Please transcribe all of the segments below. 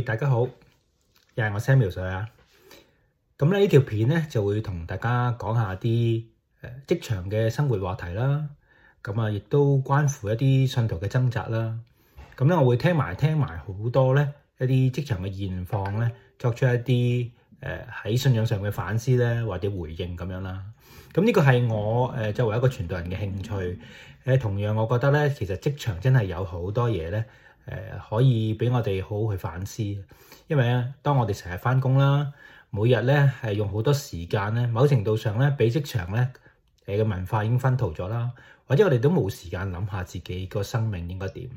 誒，大家好，又係我 Samuel 水啊！咁咧呢條片咧就會同大家講下啲誒職場嘅生活話題啦，咁啊亦都關乎一啲信徒嘅掙扎啦。咁咧我會聽埋聽埋好多咧一啲職場嘅現況咧，作出一啲誒喺信仰上嘅反思咧或者回應咁樣啦。咁呢個係我誒作為一個傳道人嘅興趣。誒，同樣我覺得咧，其實職場真係有好多嘢咧。誒可以俾我哋好好去反思，因為咧，當我哋成日翻工啦，每日咧係用好多時間咧，某程度上咧，俾職場咧誒嘅文化已經薰陶咗啦，或者我哋都冇時間諗下自己個生命應該點，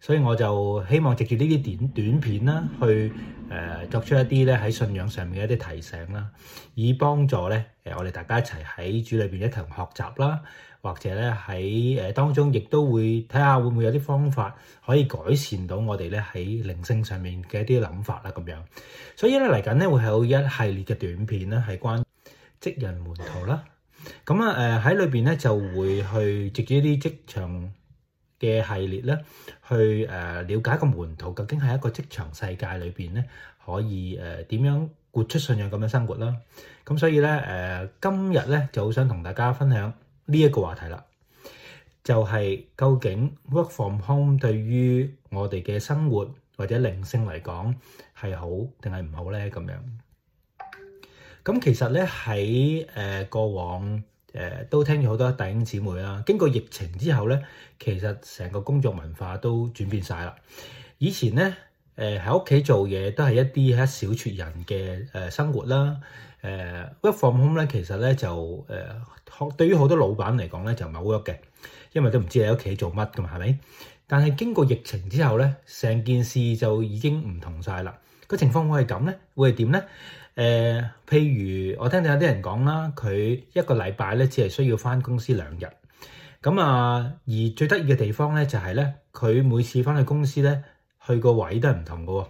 所以我就希望藉住呢啲短短片啦，去誒作出一啲咧喺信仰上面嘅一啲提醒啦，以幫助咧誒我哋大家一齊喺主裏邊一齊學習啦。或者咧喺誒當中，亦都會睇下會唔會有啲方法可以改善到我哋咧喺靈性上面嘅一啲諗法啦。咁樣，所以咧嚟緊咧會係有一系列嘅短片啦，係關職人門徒啦。咁啊誒喺裏邊咧就會去直接一啲職場嘅系列咧，去誒了解個門徒究竟喺一個職場世界裏邊咧可以誒點樣活出信仰咁嘅生活啦。咁所以咧誒今日咧就好想同大家分享。呢一個話題啦，就係、是、究竟 work from home 對於我哋嘅生活或者靈性嚟講係好定係唔好咧？咁樣，咁其實咧喺誒過往誒、呃、都聽咗好多弟兄姊妹啦、啊。經過疫情之後咧，其實成個工作文化都轉變晒啦。以前咧誒喺屋企做嘢都係一啲一小撮人嘅誒、呃、生活啦。誒 Work、uh, from home 咧，其實咧就誒，uh, 對於好多老闆嚟講咧就唔係好 work 嘅，因為都唔知喺屋企做乜噶嘛，係咪？但係經過疫情之後咧，成件事就已經唔同晒啦。個情況會係咁咧，會係點咧？誒、uh,，譬如我聽到有啲人講啦，佢一個禮拜咧只係需要返公司兩日，咁啊，而最得意嘅地方咧就係、是、咧，佢每次返去公司咧去個位都係唔同嘅喎，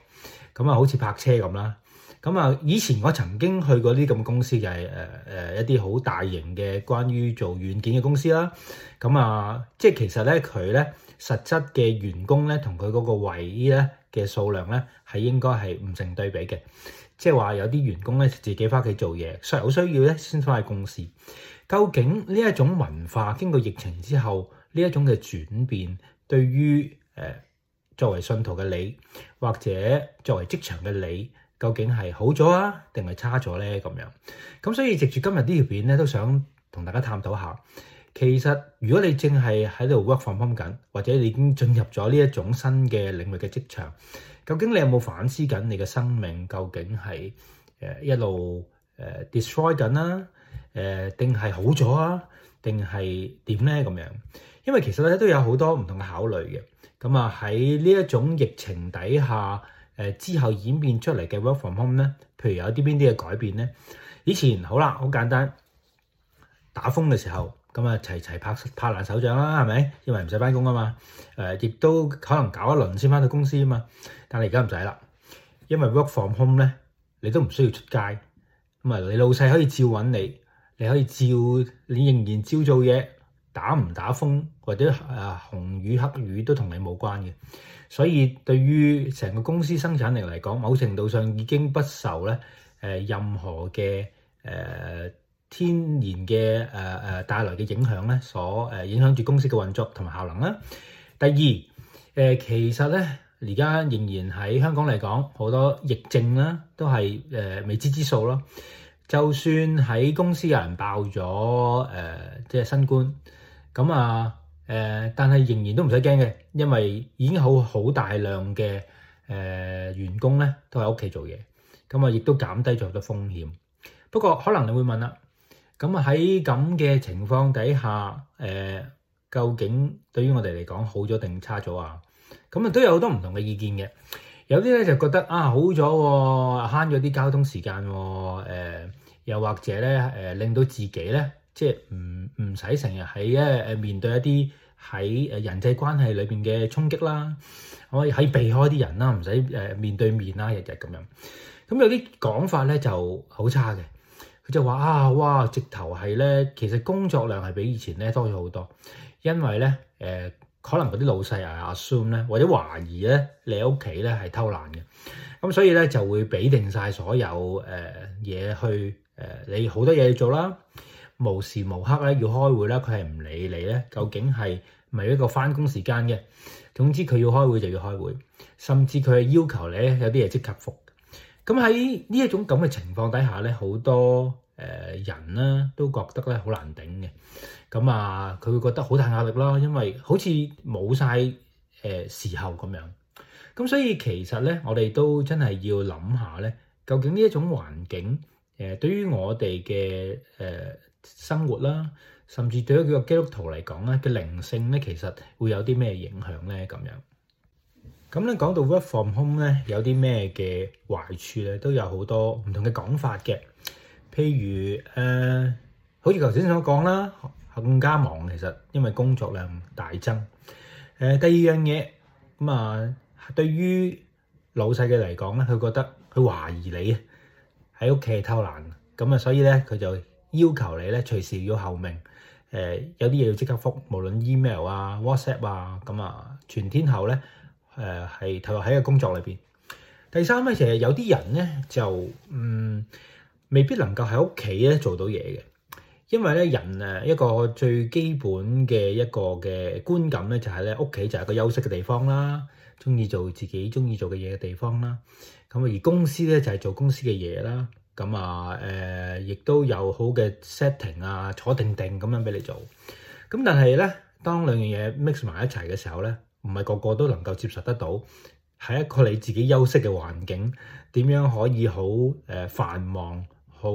咁啊，好似泊車咁啦。咁啊！以前我曾經去過啲咁公司，就係誒誒一啲好大型嘅關於做軟件嘅公司啦。咁、嗯、啊，即係其實咧，佢咧實質嘅員工咧，同佢嗰個位咧嘅數量咧，係應該係唔成對比嘅。即係話有啲員工咧自己翻屋企做嘢，所以好需要咧先翻去公司。究竟呢一種文化經過疫情之後呢一種嘅轉變，對於誒作為信徒嘅你，或者作為職場嘅你，究竟係好咗啊，定係差咗呢？咁樣咁，所以藉住今日呢條片呢，都想同大家探討下。其實如果你正係喺度 work from home 緊，或者你已經進入咗呢一種新嘅領域嘅職場，究竟你有冇反思緊你嘅生命？究竟係誒、呃、一路誒 destroy 緊啦，誒定係好咗啊？定係點呢？咁樣，因為其實咧都有好多唔同嘅考慮嘅。咁啊喺呢一種疫情底下。誒之後演變出嚟嘅 Work from Home 咧，譬如有啲邊啲嘅改變咧？以前好啦，好簡單，打風嘅時候咁啊，齊齊拍拍爛手掌啦，係咪？因為唔使翻工啊嘛。誒、呃，亦都可能搞一輪先翻到公司啊嘛。但係而家唔使啦，因為 Work from Home 咧，你都唔需要出街。咁啊，你老細可以照揾你，你可以照，你仍然照做嘢，打唔打風或者啊紅雨黑雨都同你冇關嘅。所以對於成個公司生產力嚟講，某程度上已經不受咧誒、呃、任何嘅誒、呃、天然嘅誒誒帶來嘅影響咧，所誒影響住公司嘅運作同埋效能啦。第二誒、呃、其實咧而家仍然喺香港嚟講，好多疫症啦都係誒、呃、未知之數咯。就算喺公司有人爆咗誒、呃、即係新冠，咁啊～誒，但係仍然都唔使驚嘅，因為已經好好大量嘅誒員工咧，都喺屋企做嘢，咁啊，亦都減低咗好多風險。不過，可能你會問啦，咁啊喺咁嘅情況底下，誒、嗯、究竟對於我哋嚟講好咗定差咗啊？咁、嗯、啊都有好多唔同嘅意見嘅，有啲咧就覺得啊好咗、啊，慳咗啲交通時間、啊，誒、嗯、又或者咧誒、嗯、令到自己咧。即係唔唔使成日喺誒面對一啲喺誒人際關係裏邊嘅衝擊啦，可以喺避開啲人啦，唔使誒面對面啦，日日咁樣。咁、嗯、有啲講法咧就好差嘅，佢就話啊，哇，直頭係咧，其實工作量係比以前咧多咗好多，因為咧誒、呃、可能嗰啲老細啊阿 assume 咧或者懷疑咧你屋企咧係偷懶嘅，咁、嗯、所以咧就會俾定晒所有誒嘢、呃、去誒、呃、你好多嘢做啦。無時無刻咧要開會啦，佢係唔理你咧。究竟係咪一個返工時間嘅？總之佢要開會就要開會，甚至佢係要求你咧有啲嘢即刻覆。咁喺呢一種咁嘅情況底下咧，好多誒、呃、人咧、啊、都覺得咧好難頂嘅。咁啊，佢、呃、會覺得好大壓力啦，因為好似冇晒誒時候咁樣。咁所以其實咧，我哋都真係要諗下咧，究竟呢一種環境誒、呃，對於我哋嘅誒，呃生活啦，甚至對於佢個基督徒嚟講咧，嘅靈性咧，其實會有啲咩影響咧？咁樣咁咧，講到 work from home 咧，有啲咩嘅壞處咧，都有好多唔同嘅講法嘅。譬如誒、呃，好似頭先所講啦，更加忙，其實因為工作量大增。誒、呃，第二樣嘢咁啊，對於老細嘅嚟講咧，佢覺得佢懷疑你喺屋企偷懶，咁啊，所以咧佢就。要求你咧隨時要候命，誒、呃、有啲嘢要即刻覆，無論 email 啊、WhatsApp 啊，咁啊全天候咧誒喺投入喺個工作裏邊。第三咧，其實有啲人咧就嗯未必能夠喺屋企咧做到嘢嘅，因為咧人誒一個最基本嘅一個嘅觀感咧就係咧屋企就係個休息嘅地方啦，中意做自己中意做嘅嘢嘅地方啦，咁而公司咧就係、是、做公司嘅嘢啦。咁啊，誒，亦都有好嘅 setting 啊，坐定定咁樣俾你做。咁但係咧，當兩樣嘢 mix 埋一齊嘅時候咧，唔係個個都能夠接受得到。喺一個你自己休息嘅環境，點樣可以好誒繁忙、好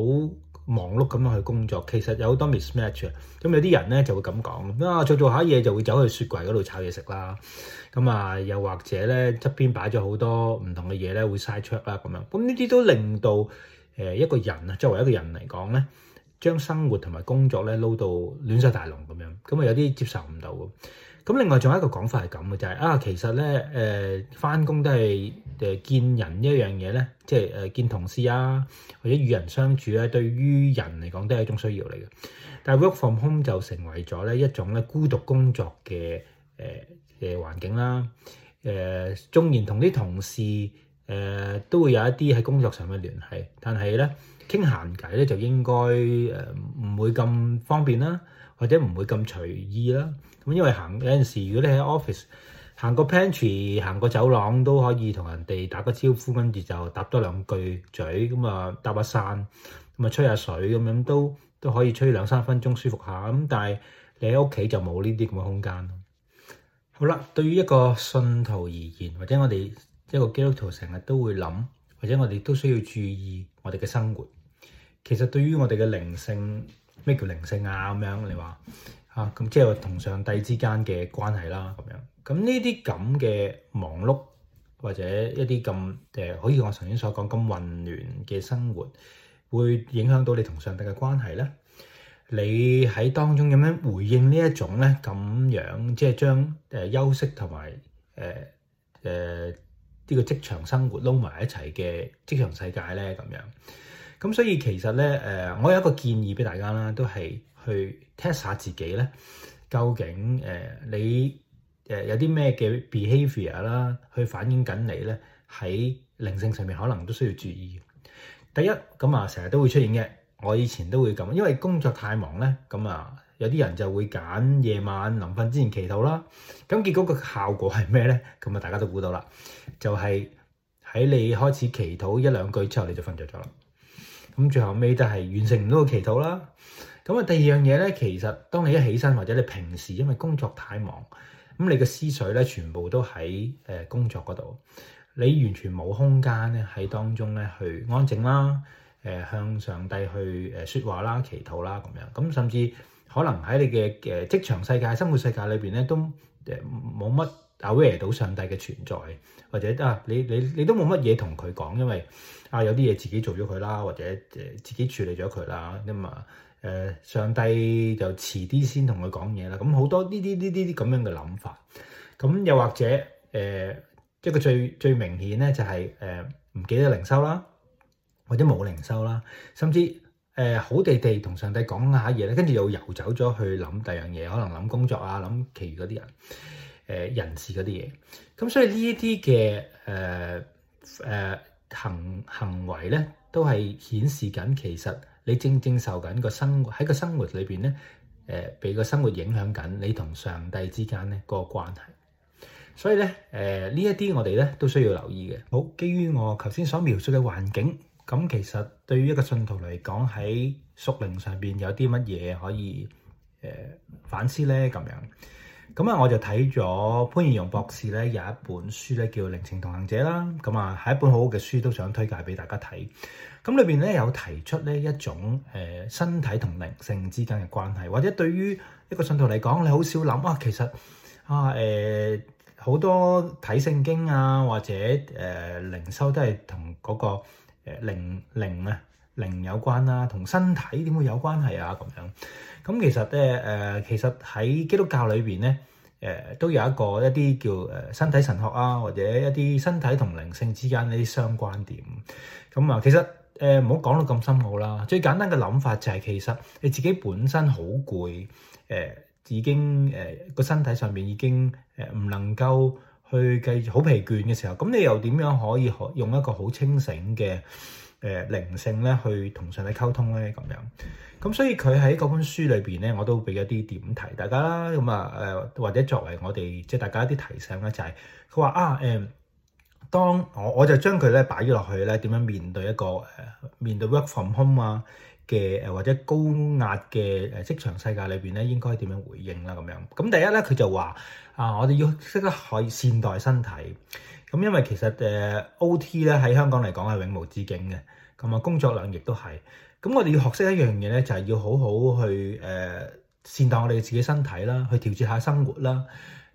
忙碌咁樣去工作？其實有好多 mismatch。咁、嗯、有啲人咧就會咁講：啊，做做下嘢就會走去雪櫃嗰度炒嘢食啦。咁、嗯、啊，又或者咧側邊擺咗好多唔同嘅嘢咧，會晒出啦咁樣。咁呢啲都令到。誒、呃、一個人啊，作為一個人嚟講咧，將生活同埋工作咧撈到亂晒大籠咁樣，咁啊有啲接受唔到嘅。咁另外仲有一個講法係咁嘅，就係、是、啊其實咧誒返工都係誒見人一樣嘢咧，即係誒、呃、見同事啊或者與人相處啊，對於人嚟講都係一種需要嚟嘅。但係 work from home 就成為咗咧一種咧孤獨工作嘅誒嘅環境啦。誒、呃、縱、呃、然同啲同事，誒都會有一啲喺工作上嘅聯繫，但係咧傾閒偈咧就應該誒唔會咁方便啦，或者唔會咁隨意啦。咁因為行有陣時，如果你喺 office 行個 pantry、行個走廊都可以同人哋打個招呼，跟住就搭多兩句嘴，咁啊搭下訕，咁啊吹下水，咁樣都都可以吹兩三分鐘舒服下。咁但係你喺屋企就冇呢啲咁嘅空間咯。好啦，對於一個信徒而言，或者我哋。一個基督徒成日都會諗，或者我哋都需要注意我哋嘅生活。其實對於我哋嘅靈性，咩叫靈性啊？咁樣，你話啊咁，即係同上帝之間嘅關係啦。咁樣咁，呢啲咁嘅忙碌或者一啲咁誒，好似我頭先所講咁混亂嘅生活，會影響到你同上帝嘅關係咧？你喺當中有咩回應呢？一種咧咁樣，即係將誒休息同埋誒誒。呢個職場生活撈埋一齊嘅職場世界咧，咁樣咁，所以其實咧，誒，我有一個建議俾大家啦，都係去 test 下自己咧，究竟誒、呃、你誒有啲咩嘅 behavior 啦，去反映緊你咧喺靈性上面可能都需要注意。第一咁啊，成日都會出現嘅，我以前都會咁，因為工作太忙咧，咁啊。有啲人就會揀夜晚臨瞓之前祈禱啦，咁結果個效果係咩咧？咁啊，大家都估到啦，就係喺你開始祈禱一兩句之後，你就瞓着咗啦。咁最後尾就係完成唔到個祈禱啦。咁啊，第二樣嘢咧，其實當你一起身或者你平時因為工作太忙，咁你嘅思緒咧全部都喺誒工作嗰度，你完全冇空間咧喺當中咧去安靜啦，誒向上帝去誒説話啦、祈禱啦咁樣，咁甚至。可能喺你嘅誒職場世界、生活世界裏邊咧，都誒冇乜 aware 到上帝嘅存在，或者啊，你你你都冇乜嘢同佢講，因為啊有啲嘢自己做咗佢啦，或者誒、呃、自己處理咗佢啦，咁啊誒上帝就遲啲先同佢講嘢啦。咁好多呢啲呢啲啲咁樣嘅諗法。咁又或者誒、呃，一個最最明顯咧就係誒唔記得靈修啦，或者冇靈修啦，甚至。誒、嗯、好地地同上帝講下嘢咧，跟住又游走咗去諗第二樣嘢，可能諗工作啊，諗其餘嗰啲人誒、呃、人事嗰啲嘢。咁所以呢一啲嘅誒誒行行為咧，都係顯示緊其實你正正受緊個生活喺個生活裏邊咧，誒、呃、俾個生活影響緊你同上帝之間咧嗰個關係。所以咧誒、呃、呢一啲我哋咧都需要留意嘅。好，基於我頭先所描述嘅環境。咁其實對於一個信徒嚟講，喺屬靈上邊有啲乜嘢可以誒、呃、反思呢？咁樣咁啊，我就睇咗潘怡蓉博士呢有一本書咧叫《靈程同行者》啦。咁啊係一本好好嘅書，都想推介俾大家睇。咁裏邊呢，有提出呢一種誒身體同靈性之間嘅關係，或者對於一個信徒嚟講，你好少諗啊。其實啊誒好、呃、多睇聖經啊，或者誒、呃、靈修都係同嗰個。誒靈靈啊靈有關啦，同身體點會有關係啊？咁樣咁其實咧誒，其實喺、呃、基督教裏邊咧誒，都有一個一啲叫誒身體神學啊，或者一啲身體同靈性之間呢啲相關點。咁啊，其實誒唔、呃、好講到咁深奧啦。最簡單嘅諗法就係、是、其實你自己本身好攰，誒、呃、已經誒個、呃、身體上面已經誒唔能夠，去繼續好疲倦嘅時候，咁你又點樣可以用一個好清醒嘅誒、呃、靈性咧，去同上帝溝通咧？咁樣，咁所以佢喺嗰本書裏邊咧，我都俾一啲點提大家咁啊誒，或者作為我哋即係大家一啲提醒啦，就係佢話啊誒、嗯，當我我就將佢咧擺咗落去咧，點樣面對一個誒、呃、面對 work from home 啊？嘅誒或者高壓嘅誒職場世界裏邊咧，應該點樣回應啦？咁樣咁第一咧，佢就話啊，我哋要識得可以善待身體。咁因為其實誒、呃、OT 咧喺香港嚟講係永無止境嘅。咁啊工作量亦都係。咁我哋要學識一樣嘢咧，就係、是、要好好去誒、呃、善待我哋自己身體啦，去調節下生活啦。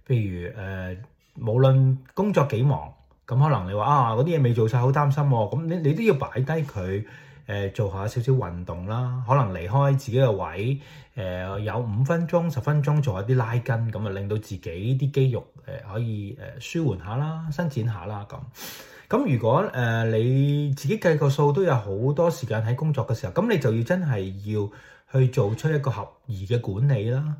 譬如誒、呃，無論工作幾忙，咁可能你話啊嗰啲嘢未做晒，好擔心喎、哦。咁你你都要擺低佢。誒做下少少運動啦，可能離開自己嘅位，誒、呃、有五分鐘、十分鐘做下啲拉筋，咁啊令到自己啲肌肉誒、呃、可以誒舒緩下啦、伸展下啦咁。咁如果誒、呃、你自己計個數，都有好多時間喺工作嘅時候，咁你就要真係要，去做出一個合宜嘅管理啦，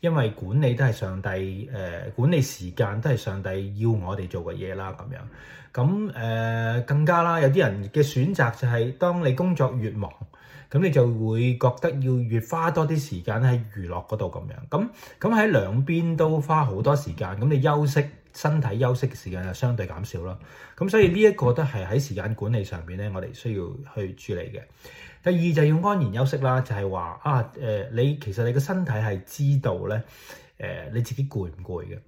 因為管理都係上帝誒、呃，管理時間都係上帝要我哋做嘅嘢啦，咁樣咁誒、呃、更加啦，有啲人嘅選擇就係、是，當你工作越忙，咁你就會覺得要越花多啲時間喺娛樂嗰度咁樣，咁咁喺兩邊都花好多時間，咁你休息身體休息嘅時間就相對減少啦，咁所以呢一個都係喺時間管理上邊咧，我哋需要去處理嘅。第二就要安然休息啦，就係、是、話啊誒，你、呃、其實你個身體係知道咧誒、呃，你自己攰唔攰嘅？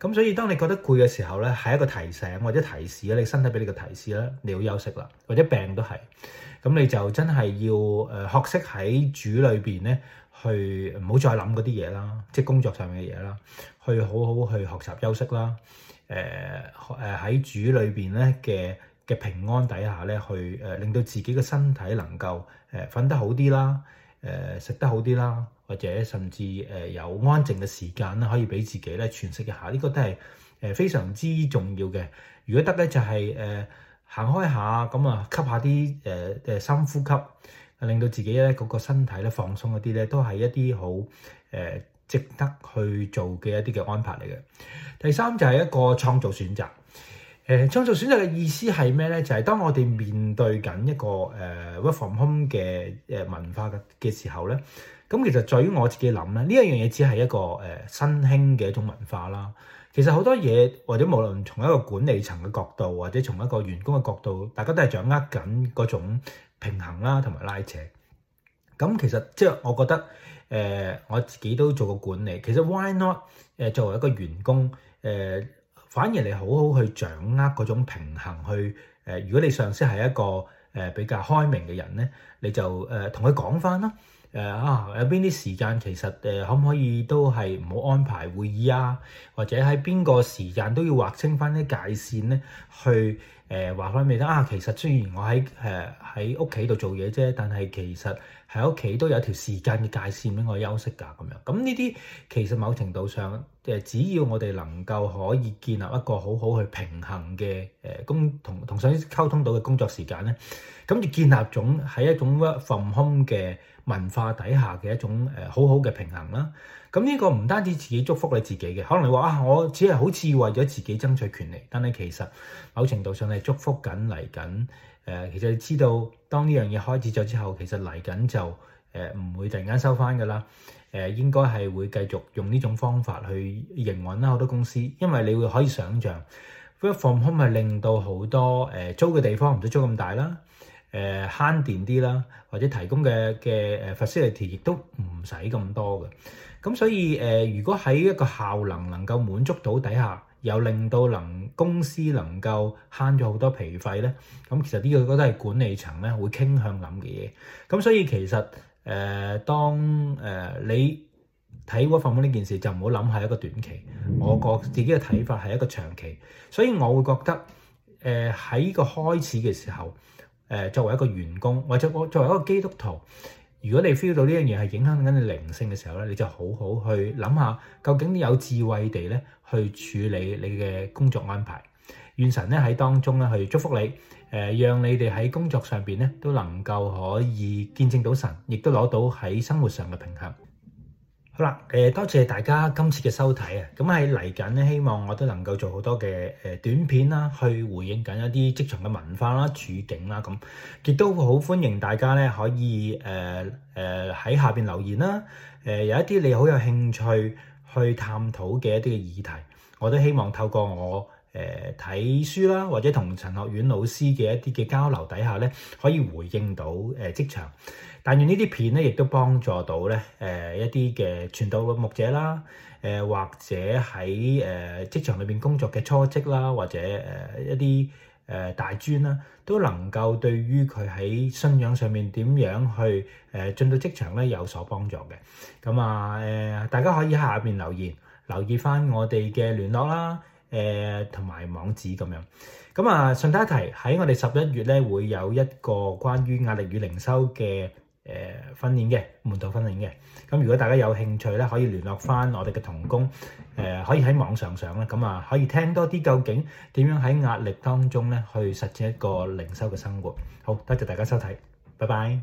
咁所以當你覺得攰嘅時候咧，係一個提醒或者提示啦，你身體俾你個提示啦，你要休息啦，或者病都係，咁你就真係要誒、呃、學識喺主裏邊咧，去唔好再諗嗰啲嘢啦，即係工作上面嘅嘢啦，去好好去學習休息啦，誒誒喺主裏邊咧嘅。嘅平安底下咧，去誒令到自己嘅身體能夠誒瞓得好啲啦，誒食得好啲啦，或者甚至誒有安靜嘅時間啦，可以俾自己咧喘息一下，呢個都係誒非常之重要嘅。如果得咧，就係誒行開下，咁啊吸下啲誒誒深呼吸，令到自己咧嗰個身體咧放鬆一啲咧，都係一啲好誒值得去做嘅一啲嘅安排嚟嘅。第三就係一個創造選擇。誒創造選擇嘅意思係咩咧？就係、是、當我哋面對緊一個誒 work、呃、from home 嘅誒文化嘅嘅時候咧，咁其實在於我自己諗咧，呢一樣嘢只係一個誒、呃、新興嘅一種文化啦。其實好多嘢或者無論從一個管理層嘅角度，或者從一個員工嘅角度，大家都係掌握緊嗰種平衡啦，同埋拉扯。咁其實即係我覺得誒、呃、我自己都做過管理，其實 why not 誒作為一個員工誒？呃反而你好好去掌握嗰種平衡去，去、呃、誒，如果你上司係一個誒、呃、比較開明嘅人咧，你就誒同佢講翻啦，誒、呃、啊，啊有邊啲時間其實誒、呃、可唔可以都係唔好安排會議啊，或者喺邊個時間都要劃清翻啲界線咧，去。誒話開未得啊？其實雖然我喺誒喺屋企度做嘢啫，但係其實喺屋企都有一條時間嘅界線畀我休息㗎咁樣。咁呢啲其實某程度上誒、呃，只要我哋能夠可以建立一個好好去平衡嘅誒工同同上司溝通到嘅工作時間咧，咁就建立種喺一種 from home 嘅文化底下嘅一種誒、呃、好好嘅平衡啦。咁呢個唔單止自己祝福你自己嘅，可能你話啊，我只係好似為咗自己爭取權利，但係其實某程度上係祝福緊嚟緊。誒、呃，其實你知道當呢樣嘢開始咗之後，其實嚟緊就誒唔、呃、會突然間收翻㗎啦。誒、呃，應該係會繼續用呢種方法去營運啦。好多公司，因為你會可以想象，work from home 係令到好多誒、呃、租嘅地方唔使租咁大啦，誒、呃、慳電啲啦，或者提供嘅嘅誒 facility 亦都唔使咁多嘅。咁所以誒、呃，如果喺一個效能能夠滿足到底下，又令到能公司能夠慳咗好多皮費咧，咁其實呢個我都係管理層咧會傾向諗嘅嘢。咁所以其實誒、呃，當誒、呃、你睇 WFH 呢件事，就唔好諗係一個短期。我覺得自己嘅睇法係一個長期，所以我會覺得誒喺、呃、個開始嘅時候，誒、呃、作為一個員工或者我作為一個基督徒。如果你 feel 到呢樣嘢係影響緊你靈性嘅時候咧，你就好好去諗下，究竟有智慧地去處理你嘅工作安排。願神咧喺當中去祝福你，誒，讓你哋喺工作上面都能夠可以見證到神，亦都攞到喺生活上嘅平衡。好啦，誒多謝大家今次嘅收睇啊！咁喺嚟緊咧，希望我都能夠做好多嘅誒短片啦，去回應緊一啲職場嘅文化啦、處境啦，咁亦都好歡迎大家咧可以誒誒喺下邊留言啦。誒、呃、有一啲你好有興趣去探討嘅一啲嘅議題，我都希望透過我。誒睇書啦，或者同陳學院老師嘅一啲嘅交流底下咧，可以回應到誒職場。但願呢啲片咧，亦都幫助到咧誒一啲嘅傳道嘅牧者啦。誒或者喺誒職場裏邊工作嘅初職啦，或者誒一啲誒大專啦，都能夠對於佢喺信仰上面點樣去誒進到職場咧有所幫助嘅。咁啊誒，大家可以喺下邊留言，留意返我哋嘅聯絡啦。誒同埋網址咁樣，咁啊順帶一提，喺我哋十一月咧會有一個關於壓力與靈修嘅誒訓練嘅門徒訓練嘅，咁如果大家有興趣咧，可以聯絡翻我哋嘅同工，誒可以喺網上上咧，咁啊可以聽多啲究竟點樣喺壓力當中咧去實踐一個靈修嘅生活。好，多謝大家收睇，拜拜。